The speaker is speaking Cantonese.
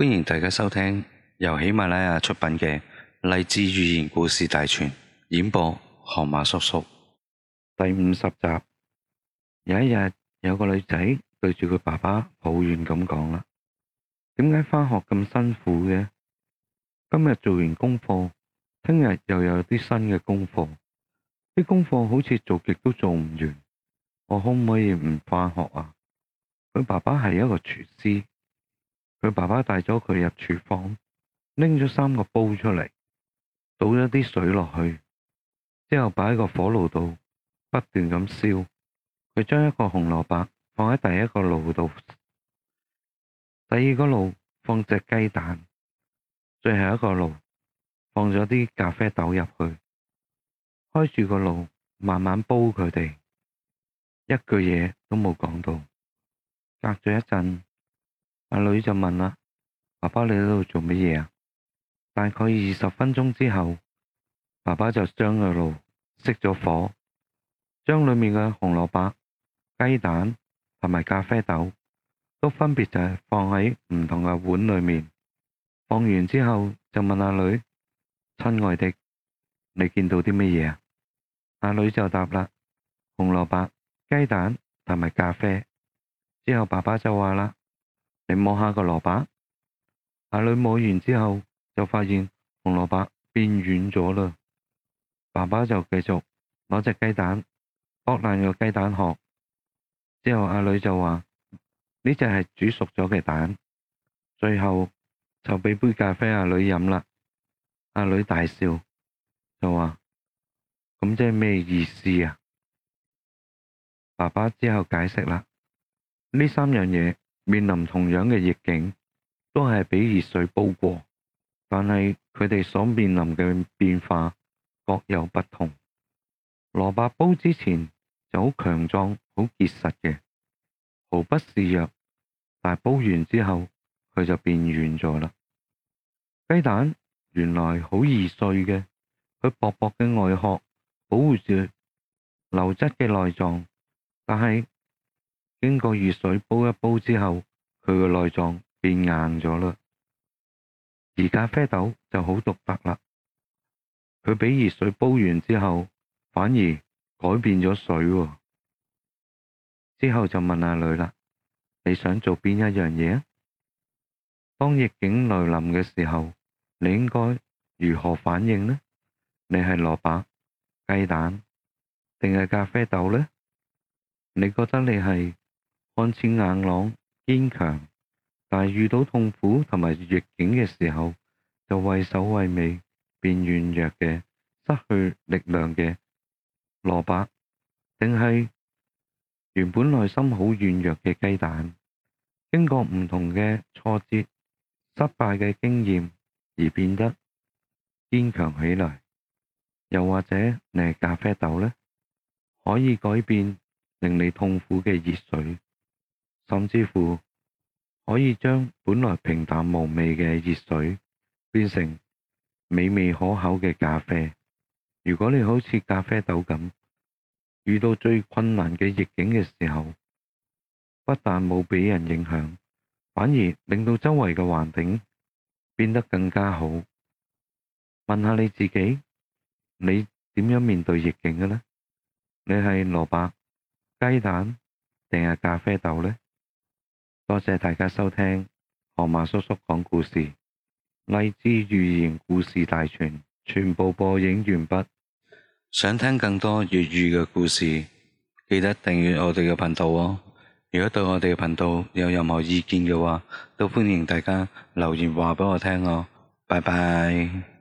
歡迎大家收聽由喜馬拉雅出品嘅《勵志寓言故事大全》演播，河馬叔叔第五十集。有一日，有個女仔對住佢爸爸抱怨咁講啦：點解返學咁辛苦嘅？今日做完功課，聽日又有啲新嘅功課，啲功課好似做極都做唔完，我可唔可以唔返學啊？佢爸爸係一個廚師。佢爸爸帶咗佢入廚房，拎咗三個煲出嚟，倒咗啲水落去，之後擺喺個火爐度，不斷咁燒。佢將一個紅蘿蔔放喺第一個爐度，第二個爐放隻雞蛋，最後一個爐放咗啲咖啡豆入去，開住個爐慢慢煲佢哋，一句嘢都冇講到。隔咗一陣。阿女就問啦：爸爸你喺度做乜嘢啊？大概二十分鐘之後，爸爸就將個爐熄咗火，將裏面嘅紅蘿蔔、雞蛋同埋咖啡豆都分別就係放喺唔同嘅碗裏面。放完之後就問阿女：親愛的，你見到啲乜嘢啊？阿女就答啦：紅蘿蔔、雞蛋同埋咖啡。之後爸爸就話啦。你摸下個蘿蔔，阿女摸完之後就發現紅蘿蔔變軟咗啦。爸爸就繼續攞隻雞蛋，剝爛個雞蛋殼，之後阿女就話呢隻係煮熟咗嘅蛋。最後就畀杯咖啡阿女飲啦。阿女大笑就話咁即係咩意思啊？爸爸之後解釋啦，呢三樣嘢。面臨同樣嘅逆境，都係畀熱水煲過，但係佢哋所面臨嘅變化各有不同。蘿蔔煲之前就好強壯、好結實嘅，毫不示弱，但係煲完之後佢就變軟咗啦。雞蛋原來好易碎嘅，佢薄薄嘅外殼保護住流質嘅內臟，但係經過熱水煲一煲之後，佢個內臟變硬咗啦，而咖啡豆就好獨特啦。佢畀熱水煲完之後，反而改變咗水喎。之後就問阿女啦：你想做邊一樣嘢啊？當逆境來臨嘅時候，你應該如何反應呢？你係蘿蔔、雞蛋定係咖啡豆呢？你覺得你係看似硬朗、堅強，但係遇到痛苦同埋逆境嘅時候，就畏首畏尾，變軟弱嘅，失去力量嘅蘿蔔，定係原本內心好軟弱嘅雞蛋，經過唔同嘅挫折、失敗嘅經驗而變得堅強起來，又或者你係咖啡豆呢，可以改變令你痛苦嘅熱水。甚至乎可以將本來平淡無味嘅熱水變成美味可口嘅咖啡。如果你好似咖啡豆咁，遇到最困難嘅逆境嘅時候，不但冇畀人影響，反而令到周圍嘅環境變得更加好。問下你自己，你點樣面對逆境嘅呢？你係蘿蔔、雞蛋定係咖啡豆呢？多謝大家收聽河馬叔叔講故事《勵志寓言故事大全》，全部播映完畢。想聽更多粵語嘅故事，記得訂閱我哋嘅頻道哦。如果對我哋嘅頻道有任何意見嘅話，都歡迎大家留言話俾我聽哦。拜拜。